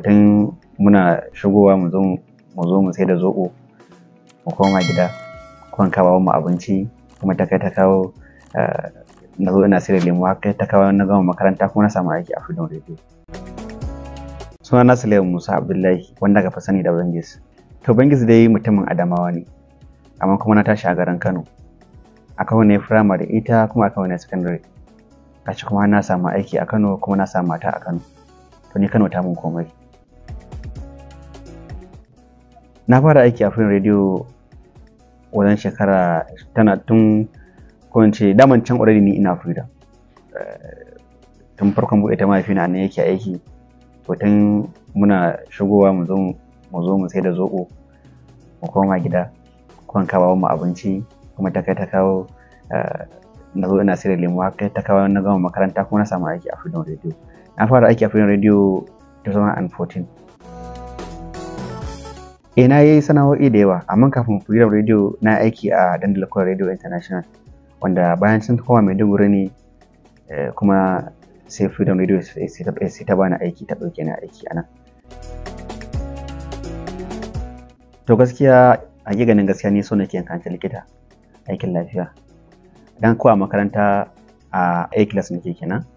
to muna shigowa mu zo mu zo mu sai da zoɓo mu koma gida kwan kawo mu abinci kuma ta kai ta kawo eh, na zo ina sai da lemu haka ta kawo na gama makaranta kuma na samu aiki a Freedom Radio suna na Suleiman Musa Abdullahi wanda ka fi sani da bangis to bangis dai mutumin Adamawa ne amma kuma na tashi a garin Kano a wani ne firamare ita kuma a wani secondary kashi kuma na samu aiki a Kano kuma na samu mata a Kano to ni Kano ta mun komai na fara aiki a Free Radio wajen shekara tana tun ko daman can already ni ina Freedom eh, tun farkon buɗe ta mahaifina ne yake aiki to tun muna shigowa mu zo mu sai da zoɓo mu koma gida kuma kawo mu abinci kuma ta kai ta kawo eh, na zo ina sirri lemuwa, kai ta kawo na gama makaranta kuma na samu aiki a Freedom Radio na fara aiki a Freedom Radio 2014 eh na yi sana'o'i da yawa amma kafin freedom radio na aiki a dandalin radio international wanda bayan sun koma maiduguri ne eh, kuma sai freedom radio sai ta bani aiki ta ɗauke na aiki anan to gaskiya a ganin gaskiya ni so na nake kanta likita aikin lafiya dan ko a makaranta a a class nake kenan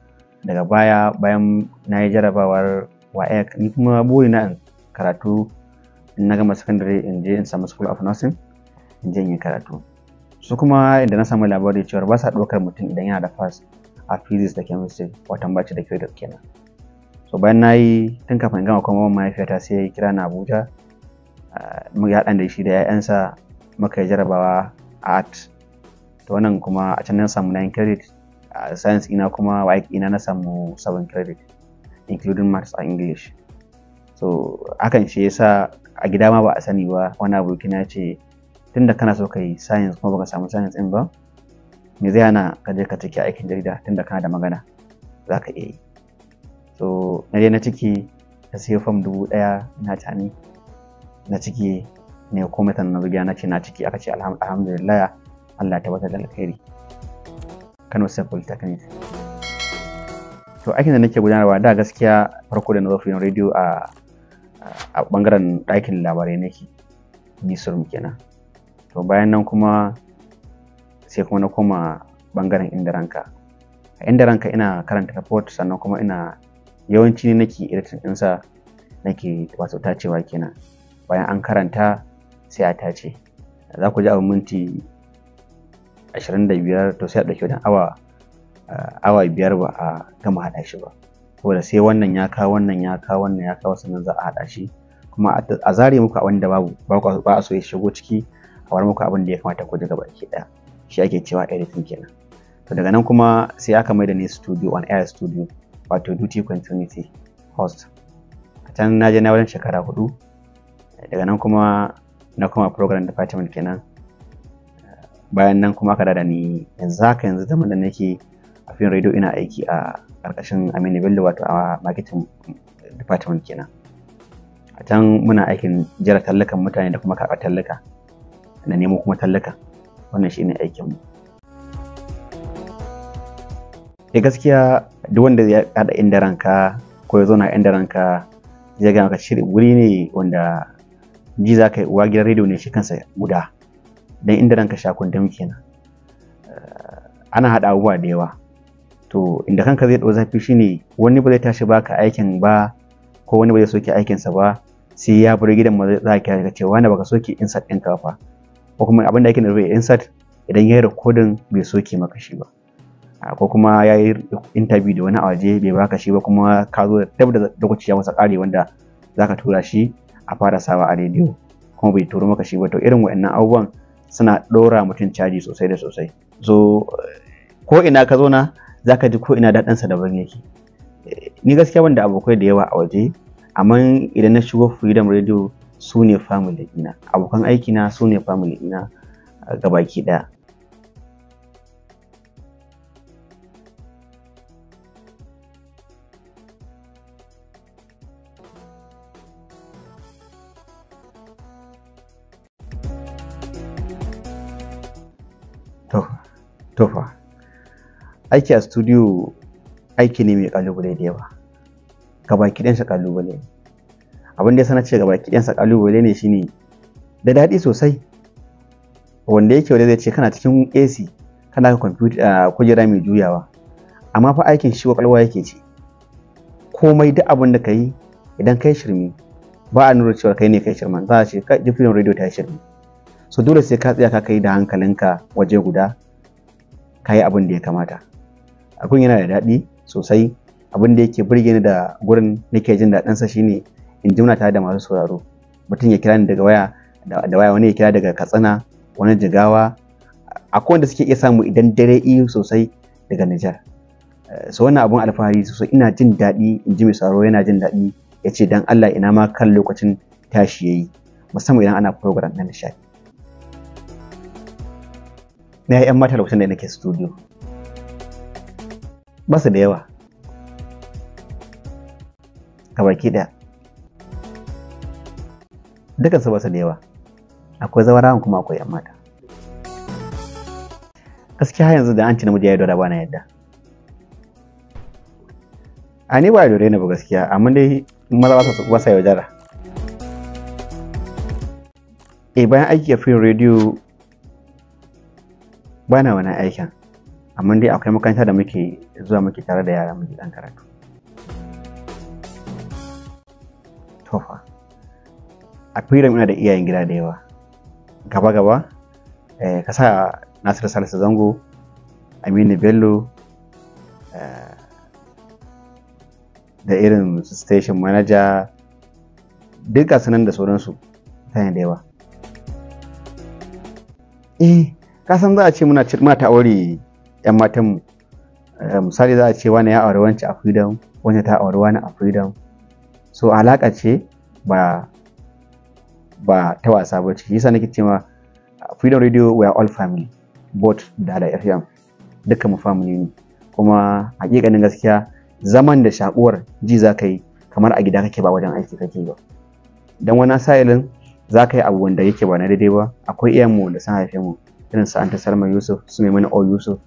daga baya bayan na yi jarabawar wa ni kuma buri na karatu in na gama secondary in je in samu school of nursing in je in yi karatu su kuma inda na samu labari cewa ba sa ɗaukar mutum idan yana da fas a physics da chemistry watan mace da kyau da kenan so bayan na yi tun kafin gama kuma mahaifiyata sai ya kira na abuja ah, muka haɗa da shi da 'ya'yansa muka yi jarabawa a art to wannan kuma a can na samu 9 credit a science ina kuma waik e ina na samu 7 credit including maths and english so hakan shi yasa a gida ma ba a sani ba wani abokina ya ce tunda kana so ka yi science kuma baka samu science din ba me zai hana ka je ka ciki aikin jarida tunda kana da magana za ka iya yi so na dai na ciki na fam dubu daya na tani na ciki ne komai sannan na zugiya na ce na ciki aka ce alhamdulillah Allah ta wata da alkhairi Kano State Polytechnic to aikin da nake gudanarwa da gaskiya farko da na zo filin rediyo a a bangaren ɗakin labarai nake bisurum kenan to bayan nan kuma sai kuma na koma bangaren inda ranka a inda ranka ina karanta report sannan kuma ina yawanci nake editing ɗinsa nake wato tacewa kenan bayan an karanta sai a tace za ku ji abin minti 25 to sai a ɗauki wajen awa eh, awa biyar ba a gama haɗa shi ba saboda sai wannan ya kawo wannan ya kawo wannan ya kawo sannan za a haɗa shi kuma a zare muku abin da babu ba a so ya shigo ciki a bar muku abin da ya kamata ku daga baki daya shi ake cewa editing kenan to daga nan kuma sai aka mai da ni studio on air studio wato duty continuity host a can na je na wajen shekara hudu daga nan kuma na kuma program department kenan bayan nan kuma aka da ni yanzu haka yanzu zaman da nake a fin radio ina aiki a karkashin Aminu Bello wato a marketing department kenan a can muna aikin jira tallakan mutane da kuma karɓar tallaka da nemo kuma tallaka wannan shine aikin mu eh gaskiya duk wanda ya haɗa inda ranka ko ya zauna inda ranka zai ga maka shiri wuri ne wanda ji za ka yi uwa gidan rediyo ne shi kansa guda don inda ranka sha kundin kenan eh, ana haɗa abubuwa da yawa to inda kanka zai ɗau zafi shine wani ba zai tashi baka aikin ba ko wani bai zai aikin sa ba sai ya bar gidan mu za a kira cewa wani baka soke insert ka ba ko kuma abin da ake nufi insert idan yayi yi recording bai soke maka shi ba ah, ko kuma ya yi interview da wani a waje bai baka shi ba kuma ka zo dab da lokaci ya masa ƙari wanda zaka tura shi a fara sawa a rediyo kuma bai turo maka shi ba to irin wa'annan abubuwan suna ɗora mutum caji sosai da sosai so ko ina ka zo na zaka ji ko ina daɗinsa daban yake eh, ni gaskiya wanda abokai da yawa a waje amma idan na shigo freedom radio su ne family ina abokan aikina su ne family ina gabaki ɗaya. tofa aiki a studio aiki ne mai kalubale da yawa gabakidansa kalubale abin da ya sana ce gabakidansa kalubale ne shine da daɗi sosai wanda yake wanda zai ce kana cikin AC kana ka kwamfuta kujera mai juyawa amma fa aikin shi kwakwalwa yake ce komai duk abin da ka yi idan ka yi shirmi ba a nuna cewa kai ne kai shirman za a ce ka ji radio ta shirmi so dole sai ka tsaya ka kai da hankalinka waje guda ka yi abin da ya kamata abin yana da daɗi sosai abin da yake burge ni da gurin nake jin daɗin sa shine in jimna tare da masu sauraro mutum ya kira ni daga waya da waya wani ya kira daga katsina wani jigawa akwai wanda suke iya samu idan dare iyo sosai daga Nijar eh, so wannan abun alfahari sosai ina jin daɗi in ji mai sauraro yana jin daɗi ya ce dan Allah ina ma kan lokacin tashi yayi musamman idan ana program na nishaɗi na 'yan mata lokacin da nake studio ba da yawa baki ɗaya Dukkan ba su da yawa akwai zawarawan kuma akwai yan mata gaskiya yanzu da an ci namiji ya yi dora ba na yadda a ni ba a dore ni ba gaskiya amma dai maza wasa yau jara e eh, bayan aiki a fiye rediyo ba na wani aikin amma dai akwai makaranta da muke zuwa muke tare da yara muke dan karatu tofa a freedom ina da iyayen gida da yawa gaba gaba eh, ka sa nasiru salisu zango aminu bello eh, da irin station manager duka sanan da sauransu ta da yawa eh kasan za a ce muna ta aure 'yan matanmu eh, misali za a ce wani ya aure wancan a freedom wani ta aure wani a freedom so alaƙa ce ba ba ta wasa ba ciki yasa nake cewa freedom radio we are all family both da da fm dukkan mu family ne kuma hakikanin gaskiya zaman da shakuwar ji za ka yi kamar a gida kake ba wajen aiki kake ba dan wani sa'ilin za ka yi abu wanda yake ba na daidai ba akwai mu da sun haife mu irin sa anta salma yusuf su mana o yusuf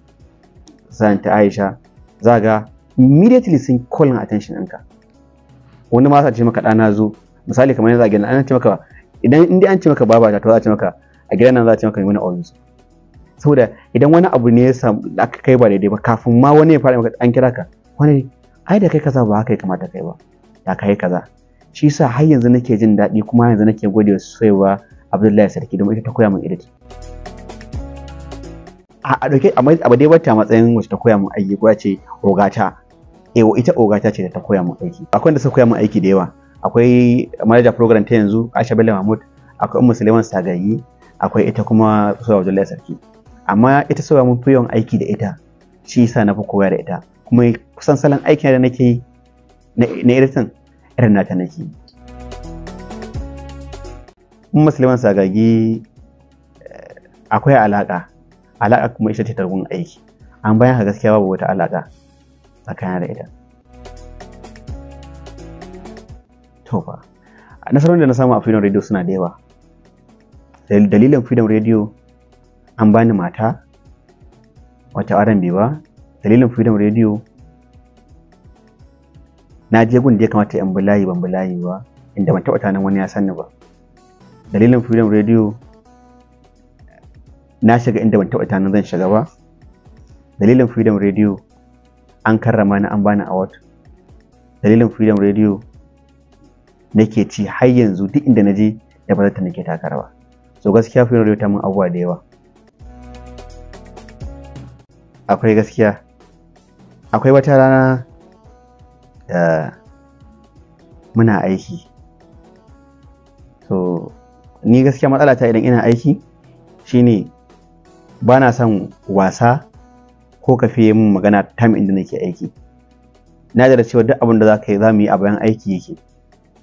sa anta aisha za ga immediately sun calling attention ɗinka wani ma sa ce maka ɗana zo misali kamar yanzu a gidan ana ce maka idan inda an ce maka baba ta to za a ce maka a gidan nan za a ce maka wani always saboda idan wani abu ne ya samu da aka kai ba daidai ba kafin ma wani ya fara maka an kira ka wani ai da kai kaza ba haka ya kamata kai ba da kai kaza shi yasa har yanzu nake jin daɗi kuma yanzu nake gode wa soyewa Abdullahi Sarki don ita ta koya min edit a dauke a dai bata matsayin wacce ta koya min aiki ko ce ogata ewa eh, ita ogata ce da ta koya mu aiki akwai da suka koya mu aiki da yawa akwai manager program ta yanzu Aisha Bello Mahmud akwai Ummu Suleiman Sagayi akwai ita kuma Sauya Abdullahi Sarki amma ita Sauya mun fi yawan aiki da ita shi yasa na fi koya da ita kuma kusan salon aikin da nake yi na irin irin nata nake yi Ummu Suleiman Sagagi eh, akwai alaka alaka kuma ita ce targun aiki an bayan ka gaskiya babu wata alaka tsakanin da ita to fa nasarorin da na samu a freedom radio suna da yawa dalilin freedom radio an bani mata wata aran bai ba dalilin freedom radio na je gun da ya kamata yan bulayi ban bulayi ba inda ban taɓa tanan wani ya sanni ba dalilin freedom radio na shiga inda ban taɓa tanan zan shiga ba dalilin freedom radio an karrama ni an bani award dalilin freedom radio nake ci har yanzu duk inda na je da ba ta nake takara ba so gaskiya freedom radio ta mun abuwa da yawa akwai gaskiya akwai wata rana da muna aiki so ni gaskiya matsala ta idan ina aiki shine ba na son wasa ko ka fiye min magana time inda nake aiki na da cewa duk abin da za ka yi za mu yi a bayan aiki yake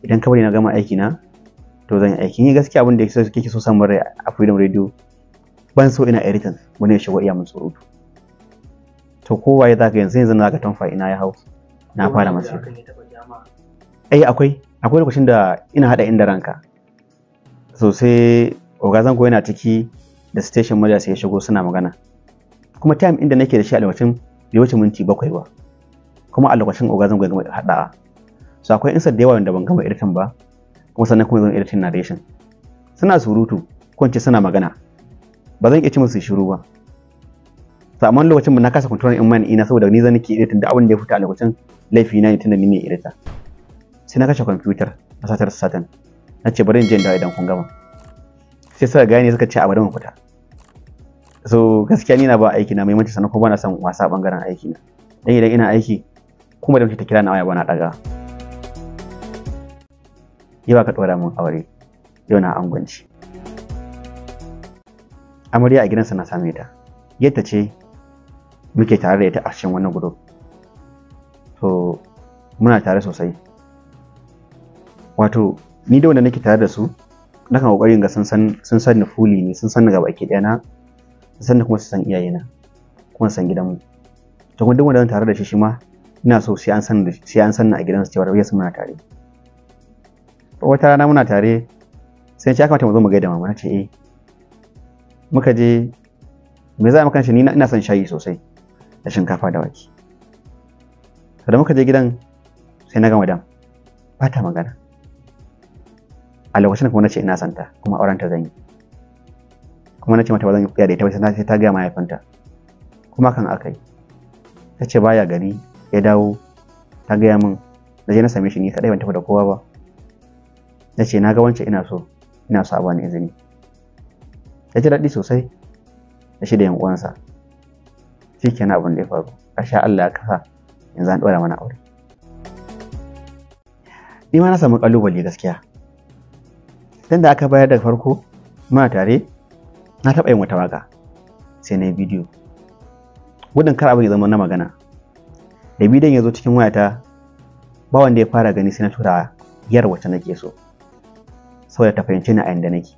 idan ka bari na gama aiki na to zan yi aiki ni gaskiya abin da yake so samun rai a freedom radio ban so ina irritant wani ya shigo iya mun surutu to waye za ka yanzu yanzu na ga tamfa ina ya hau na fara masa ai eh, akwai akwai lokacin da ina hada inda ranka sosai ko yana ciki da station madasa ya shigo suna magana kuma time inda nake da shi a lokacin bai wuce minti bakwai ba kuma a lokacin oga zan haɗa a. so akwai insa da yawa wanda ban gama editing ba kuma sannan kuma zan editing narration suna surutu ko suna magana ba zan iya ci musu shiru ba amma lokacin ba na kasa control in mani ina saboda ni zan nake editing da abin da ya fita a lokacin laifi na ne tunda ni ne editor sai na kashe computer a satar satan na ce bari in je in dawo idan kun gama sai suka gane suka ce a bari mu fita so gaskiya ni na ba aiki na muhimmanci sannan kuma bana son wasa bangaren aiki na dan idan ina aiki kuma da mutum ta kira na waya bana daga yau ka dora mun aure yau na angwanci amarya a gidansa na same ta yadda ce muke tare da ita a cikin wannan gudu So, muna tare sosai wato ni da wanda nake tare da su nakan kokarin ga sun san sun san ni fuli ne sun san ni gaba ki ɗaya na Sannan kuma su san iyayena kuma san gidanmu to kuma duk wanda zan tare da shi shi ma ina so sai an san sai an san na a su cewa rabiya sun muna tare wata rana muna tare sai ce ya kamata mu zo mu gaida mama nace eh muka je me za mu kan shi ni ina son shayi sosai da shinkafa da wake to da muka je gidan sai na ga madam ba ta magana a lokacin kuma nace ina santa kuma auren ta zan yi kuma na ce mata ba zan yi kuya da ita ba sai ta gaya mahaifanta. kuma kan akai ta ce baya gani, ya dawo ta gaya min na je na same shi ni kadai ban tafi da kowa ba na ce na ga wance ina so ina so a bani izini ya ji daɗi sosai da shi da yan uwansa shi kenan abin da ya faru sha Allah ya kasa yanzu an ɗora mana aure ni ma na samu ƙalubale gaskiya tun da aka bayar da farko muna tare na taɓa yin wata waka sai na yi bidiyo gudun kar abin ya zama na magana da bidiyon ya zo cikin wayata ba wanda ya fara gani sai na tura yar wacce nake so saboda ta fahimci ni a yanda nake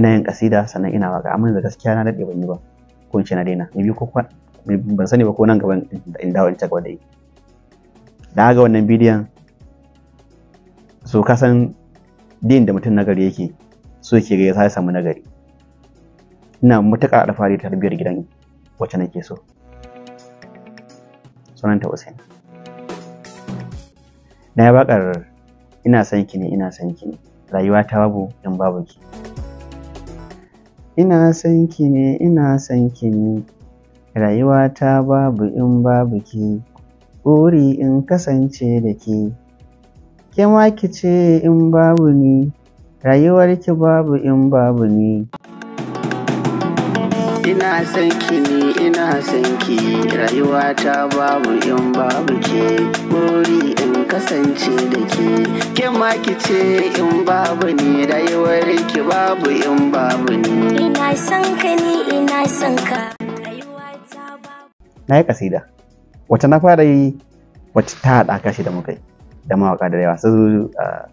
ina yin kasida sannan ina waka amma da gaskiya na daɗe ban yi ba ko in ce na daina ni ko ban sani ba ko nan gaban in dawo in ci gaba da yi da ga wannan bidiyon so ka san din da mutum nagari yake so yake ga ya samu nagari ina matuƙa da fari tarbiyyar gidan wacce nake so Sunan ta Usain na yi bakar ina son ki ne ina son ki ne rayuwa ta babu dan babu ki ina son ki ne ina son ki ne rayuwa ta babu in babu ki buri in kasance da ke ke ma ki ce in babu ni rayuwar ki babu in babu ni ina son ki ne ina son ki rayuwa ta babu in babu ke buri in kasance da ke ke ma ki ce in babu ne rayuwar ki babu in babu ne ina son ka ne ina son ka na yi kasida wacce na fara yi wacce ta haɗa kashi da muka yi da mawaƙa da yawa su ah,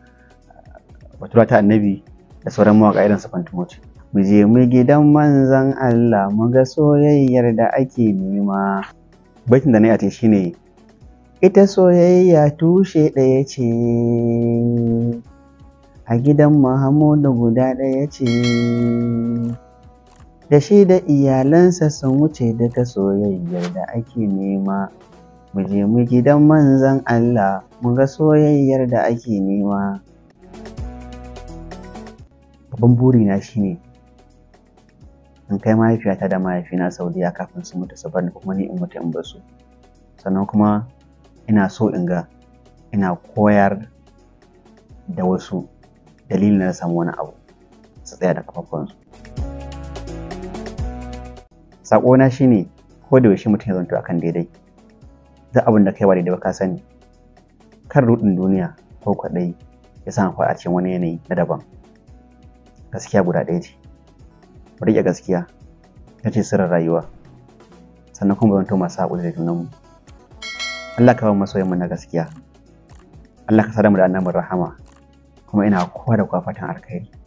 batura ta annabi da sauran mawaƙa irin su fantumoti Mu je mu gidan manzan Allah mu ga soyayyar da ake nema. bakin da na yi shi ne, Ita soyayya tushe ɗaya ce, a gidan Muhammadu guda ɗaya ce, da shi da iyalansa sun wuce daga soyayyar da ake nema. Mu je mu gidan manzan Allah mu ga soyayyar da ake nema. babban burina shi ne. in kai mahaifiyata da mahaifina Saudiyya kafin su mutu su barni kuma ni in mutu in basu sannan kuma ina so in ga ina koyar da wasu dalilin na samu wani abu su tsaya da kafafunsu saƙona shine ko da yaushe mutum ya zanto kan daidai za abin da kai ba daidai ba ka sani kan rudin duniya ko kwaɗayi ya sa a cikin wani yanayi na daban gaskiya guda ɗaya ce mu riƙe gaskiya ita ce sirrin rayuwa sannan kuma zanto masu haƙuri da junanmu Allah ka bamu masoyan mu na gaskiya Allah ka sada mu da annabin rahama kuma ina kowa da kwa fatan alkhairi